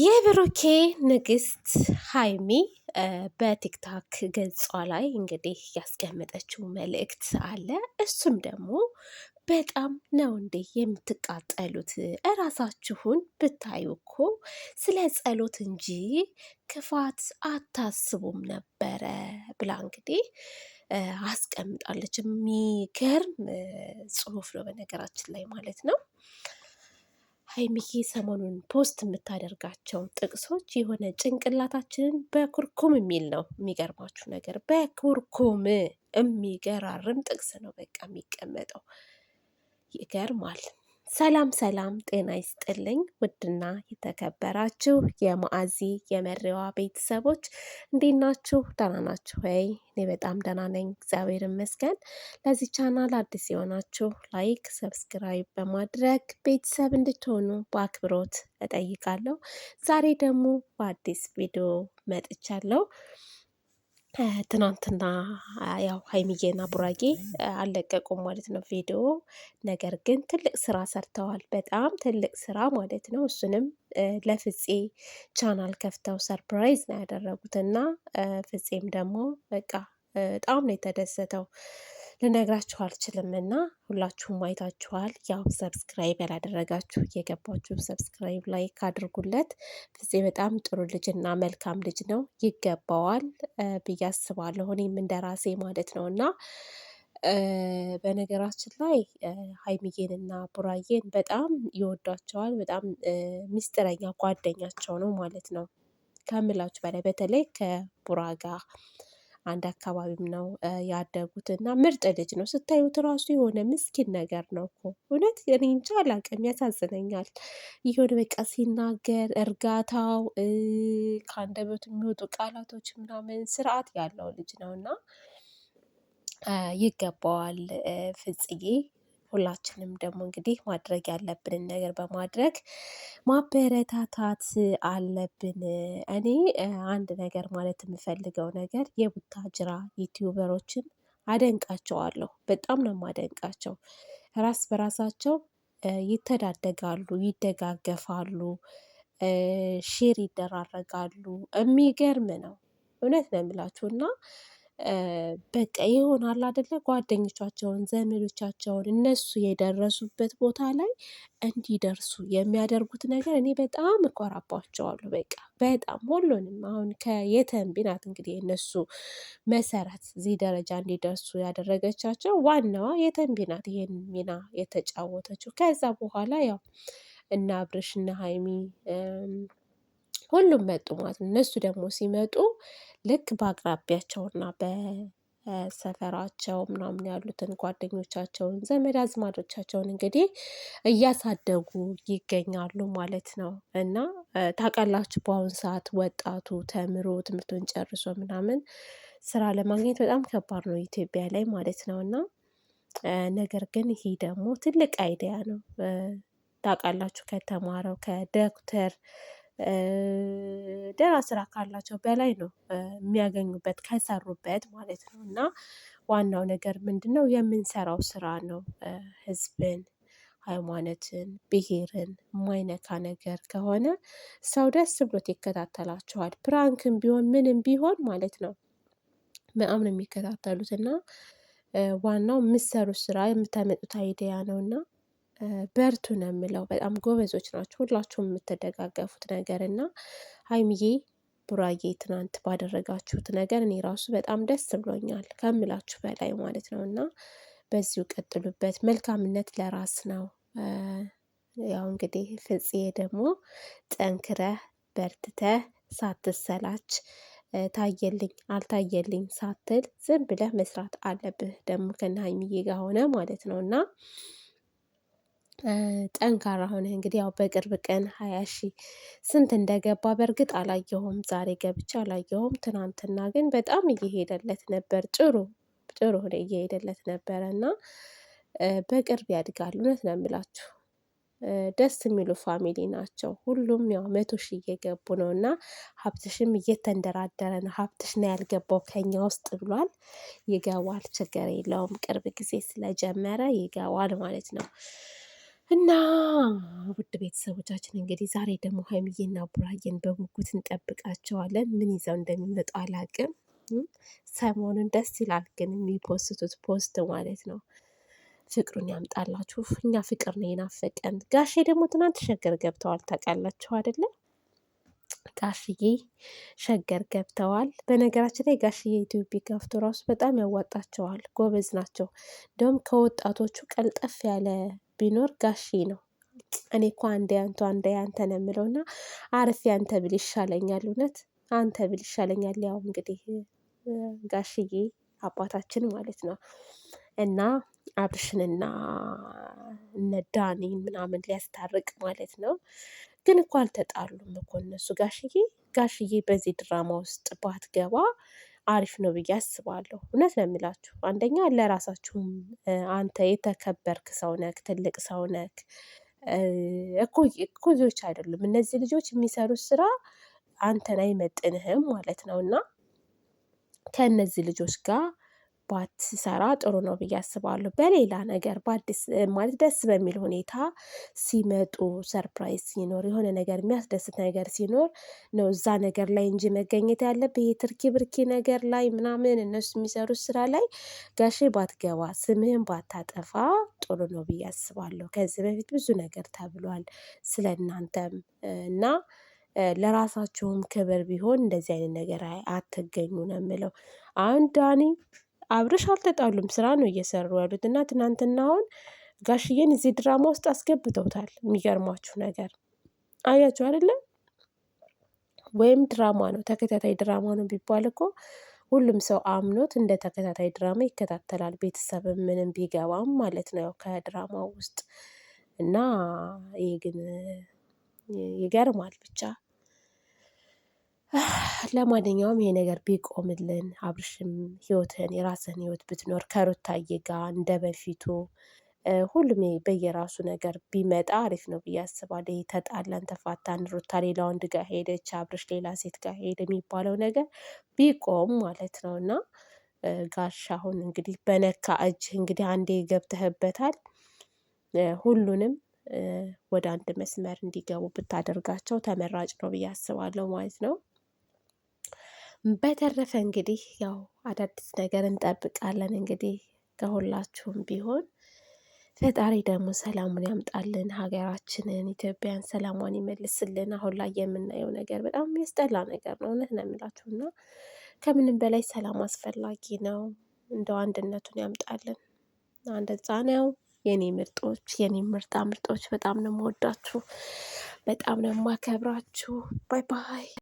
የብሩኬ ንግስት ሀይሚ በቲክታክ ገጿ ላይ እንግዲህ ያስቀመጠችው መልእክት አለ። እሱም ደግሞ በጣም ነው እንዴ የምትቃጠሉት? እራሳችሁን ብታዩ እኮ ስለ ጸሎት እንጂ ክፋት አታስቡም ነበረ ብላ እንግዲህ አስቀምጣለች። የሚገርም ጽሁፍ ነው በነገራችን ላይ ማለት ነው። ሀይሚዬ ሰሞኑን ፖስት የምታደርጋቸው ጥቅሶች የሆነ ጭንቅላታችንን በኩርኩም የሚል ነው። የሚገርማችሁ ነገር በኩርኩም የሚገራርም ጥቅስ ነው በቃ የሚቀመጠው ይገርማል። ሰላም ሰላም፣ ጤና ይስጥልኝ ውድና የተከበራችሁ የማአዚ የመሪዋ ቤተሰቦች እንዴት ናችሁ? ደህና ናችሁ ወይ? እኔ በጣም ደህና ነኝ፣ እግዚአብሔር ይመስገን። ለዚህ ቻናል አዲስ የሆናችሁ ላይክ፣ ሰብስክራይብ በማድረግ ቤተሰብ እንድትሆኑ በአክብሮት እጠይቃለሁ። ዛሬ ደግሞ በአዲስ ቪዲዮ መጥቻለሁ። ትናንትና ያው ሀይሚዬና ቡራጌ አለቀቁም ማለት ነው ቪዲዮ። ነገር ግን ትልቅ ስራ ሰርተዋል፣ በጣም ትልቅ ስራ ማለት ነው። እሱንም ለፍፄ ቻናል ከፍተው ሰርፕራይዝ ነው ያደረጉት እና ፍፄም ደግሞ በቃ በጣም ነው የተደሰተው። ልነግራችሁ አልችልም እና ሁላችሁም አይታችኋል። ያው ሰብስክራይብ ያላደረጋችሁ እየገባችሁ ሰብስክራይብ ላይክ አድርጉለት። ፍፄ በጣም ጥሩ ልጅና መልካም ልጅ ነው፣ ይገባዋል ብዬ አስባለሁ። እኔም ማለት ነው እና በነገራችን ላይ ሀይሚዬን እና ቡራዬን በጣም ይወዷቸዋል። በጣም ሚስጥረኛ ጓደኛቸው ነው ማለት ነው ከምላችሁ በላይ በተለይ ከቡራ ጋር አንድ አካባቢም ነው ያደጉት እና ምርጥ ልጅ ነው። ስታዩት ራሱ የሆነ ምስኪን ነገር ነው እኮ እውነት እኔ እንጃ አላውቅም፣ ያሳዝነኛል። ይሁን በቃ ሲናገር እርጋታው፣ ከአንደበቱ የሚወጡ ቃላቶች ምናምን ስርዓት ያለው ልጅ ነው እና ይገባዋል ፍጽዬ ሁላችንም ደግሞ እንግዲህ ማድረግ ያለብንን ነገር በማድረግ ማበረታታት አለብን። እኔ አንድ ነገር ማለት የምፈልገው ነገር የቡታጅራ ዩቲዩበሮችን አደንቃቸዋለሁ በጣም ነው የማደንቃቸው። ራስ በራሳቸው ይተዳደጋሉ ይደጋገፋሉ ሼር ይደራረጋሉ የሚገርም ነው። እውነት ነው የምላችሁ እና በቃ ይሆናል አደለ? ጓደኞቻቸውን ዘመዶቻቸውን እነሱ የደረሱበት ቦታ ላይ እንዲደርሱ የሚያደርጉት ነገር እኔ በጣም እኮራባቸዋለሁ። በቃ በጣም ሁሉንም አሁን ከየተም ቢናት እንግዲህ የእነሱ መሰረት እዚህ ደረጃ እንዲደርሱ ያደረገቻቸው ዋናዋ የተንቢ ናት ይሄን ሚና የተጫወተችው። ከዛ በኋላ ያው እነ አብርሽ እነ ሃይሚ ሁሉም መጡ ማለት ነው። እነሱ ደግሞ ሲመጡ ልክ በአቅራቢያቸውና በሰፈራቸው ምናምን ያሉትን ጓደኞቻቸውን ዘመድ አዝማዶቻቸውን እንግዲህ እያሳደጉ ይገኛሉ ማለት ነው። እና ታውቃላችሁ በአሁን ሰዓት ወጣቱ ተምሮ ትምህርቱን ጨርሶ ምናምን ስራ ለማግኘት በጣም ከባድ ነው ኢትዮጵያ ላይ ማለት ነው። እና ነገር ግን ይሄ ደግሞ ትልቅ አይዲያ ነው። ታውቃላችሁ ከተማረው ከዶክተር ደህና ስራ ካላቸው በላይ ነው የሚያገኙበት ከሰሩበት ማለት ነው። እና ዋናው ነገር ምንድነው? የምንሰራው ስራ ነው። ህዝብን ሃይማኖትን ብሄርን የማይነካ ነገር ከሆነ ሰው ደስ ብሎት ይከታተላቸዋል ፕራንክም ቢሆን ምንም ቢሆን ማለት ነው። በጣም ነው የሚከታተሉት እና ዋናው የምትሰሩት ስራ የምታመጡት አይዲያ ነውና በርቱ ነው የምለው። በጣም ጎበዞች ናቸው ሁላችሁም የምትደጋገፉት ነገር እና ሀይሚዬ ቡራዬ ትናንት ባደረጋችሁት ነገር እኔ ራሱ በጣም ደስ ብሎኛል ከምላችሁ በላይ ማለት ነው። እና በዚሁ ቀጥሉበት። መልካምነት ለራስ ነው። ያው እንግዲህ ፍጽዬ ደግሞ ጠንክረህ በርትተህ ሳትሰላች ታየልኝ አልታየልኝ ሳትል ዝም ብለህ መስራት አለብህ ደግሞ ከነ ሀይሚዬ ጋር ሆነ ማለት ነው እና ጠንካራ ሆነ። እንግዲህ ያው በቅርብ ቀን ሀያ ሺ ስንት እንደገባ በእርግጥ አላየሁም። ዛሬ ገብቼ አላየሁም። ትናንትና ግን በጣም እየሄደለት ነበር። ጥሩ ጥሩ እየሄደለት ነበረ እና በቅርብ ያድጋል። እውነት ነው የምላችሁ ደስ የሚሉ ፋሚሊ ናቸው። ሁሉም ያው መቶ ሺ እየገቡ ነው እና ሀብትሽም እየተንደራደረ ነው። ሀብትሽ ነው ያልገባው ከኛ ውስጥ ብሏል። ይገባል፣ ችግር የለውም። ቅርብ ጊዜ ስለጀመረ ይገባል ማለት ነው። እና ውድ ቤተሰቦቻችን እንግዲህ ዛሬ ደግሞ ሀይሚዬና ቡራዬን በጉጉት እንጠብቃቸዋለን። ምን ይዘው እንደሚመጡ አላቅም። ሰሞኑን ደስ ይላል ግን የሚፖስቱት ፖስት ማለት ነው። ፍቅሩን ያምጣላችሁ። እኛ ፍቅር ነው የናፈቀን። ጋሼ ደግሞ ትናንት ሸገር ገብተዋል ታውቃላችሁ አይደለም? ጋሽዬ ሸገር ገብተዋል። በነገራችን ላይ ጋሽዬ ኢትዮጵ ገብቶ ራሱ በጣም ያዋጣቸዋል። ጎበዝ ናቸው። እንደውም ከወጣቶቹ ቀልጠፍ ያለ ቢኖር ጋሼ ነው። እኔ እኮ አንዴ አንቱ አንዴ አንተ ነው የምለው እና አርፌ አንተ ብል ይሻለኛል። እውነት አንተ ብል ይሻለኛል። ያው እንግዲህ ጋሽዬ አባታችን ማለት ነው እና አብርሽንና እነ ዳኒን ምናምን ሊያስታርቅ ማለት ነው። ግን እኮ አልተጣሉም እኮ እነሱ ጋሽዬ ጋሽዬ በዚህ ድራማ ውስጥ ባትገባ አሪፍ ነው ብዬ አስባለሁ። እውነት ነው የሚላችሁ አንደኛ ለራሳችሁም አንተ የተከበርክ ሰው ነክ ትልቅ ሰው ነክ። እኩዮች አይደሉም እነዚህ ልጆች የሚሰሩት ስራ አንተን አይመጥንህም ማለት ነው። እና ከእነዚህ ልጆች ጋር ባትሰራ ጥሩ ነው ብዬ አስባለሁ። በሌላ ነገር በአዲስ ማለት ደስ በሚል ሁኔታ ሲመጡ ሰርፕራይዝ ሲኖር የሆነ ነገር የሚያስደስት ነገር ሲኖር ነው እዛ ነገር ላይ እንጂ መገኘት ያለብህ የትርኪ ብርኪ ነገር ላይ ምናምን እነሱ የሚሰሩት ስራ ላይ ጋሼ ባትገባ ስምህን ባታጠፋ ጥሩ ነው ብዬ አስባለሁ። ከዚህ በፊት ብዙ ነገር ተብሏል እናንተም እና ለራሳችሁም ክብር ቢሆን እንደዚህ አይነት ነገር አትገኙ ነው የምለው። አሁን ዳኒ አብርሽ አልተጣሉም፣ ስራ ነው እየሰሩ ያሉት እና ትናንትና አሁን ጋሽዬን እዚህ ድራማ ውስጥ አስገብተውታል። የሚገርማችሁ ነገር አያችሁ አይደለም ወይም ድራማ ነው ተከታታይ ድራማ ነው ቢባል እኮ ሁሉም ሰው አምኖት እንደ ተከታታይ ድራማ ይከታተላል። ቤተሰብም ምንም ቢገባም ማለት ነው ከድራማ ውስጥ እና ይህ ግን ይገርማል ብቻ ለማንኛውም ይሄ ነገር ቢቆምልን አብርሽም ህይወትህን የራስህን ህይወት ብትኖር ከሩታዬ ጋ እንደ በፊቱ ሁሉም በየራሱ ነገር ቢመጣ አሪፍ ነው ብዬ አስባለሁ። ይሄ ተጣላን፣ ተፋታን፣ ሩታ ሌላ ወንድ ጋር ሄደች፣ አብርሽ ሌላ ሴት ጋር ሄደ የሚባለው ነገር ቢቆም ማለት ነው እና ጋሻ አሁን እንግዲህ በነካ እጅ እንግዲህ አንዴ ገብተህበታል ሁሉንም ወደ አንድ መስመር እንዲገቡ ብታደርጋቸው ተመራጭ ነው ብዬ አስባለሁ ማለት ነው። በተረፈ እንግዲህ ያው አዳዲስ ነገር እንጠብቃለን። እንግዲህ ከሁላችሁም ቢሆን ፈጣሪ ደግሞ ሰላሙን ያምጣልን፣ ሀገራችንን ኢትዮጵያን ሰላሟን ይመልስልን። አሁን ላይ የምናየው ነገር በጣም የሚያስጠላ ነገር ነው። እውነት ነው የምላችሁ እና ከምንም በላይ ሰላም አስፈላጊ ነው። እንደው አንድነቱን ያምጣልን። እንደዛ ነው የኔ ምርጦች፣ የኔ ምርጣ ምርጦች። በጣም ነው የምወዳችሁ፣ በጣም ነው የማከብራችሁ። ባይ ባይ።